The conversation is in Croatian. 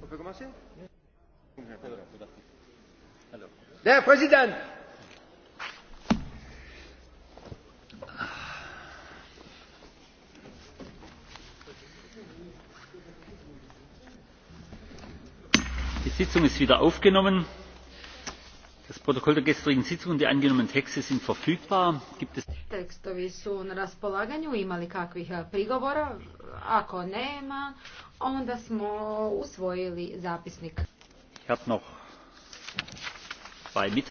On peut commencer Der Präsident! Die Sitzung ist wieder aufgenommen. Das Protokoll der gestrigen Sitzung und die angenommenen Texte sind verfügbar. Gibt es Tekstovi su na raspolaganju, imali kakvih eh, prigovora? Ako nema, onda smo usvojili zapisnik.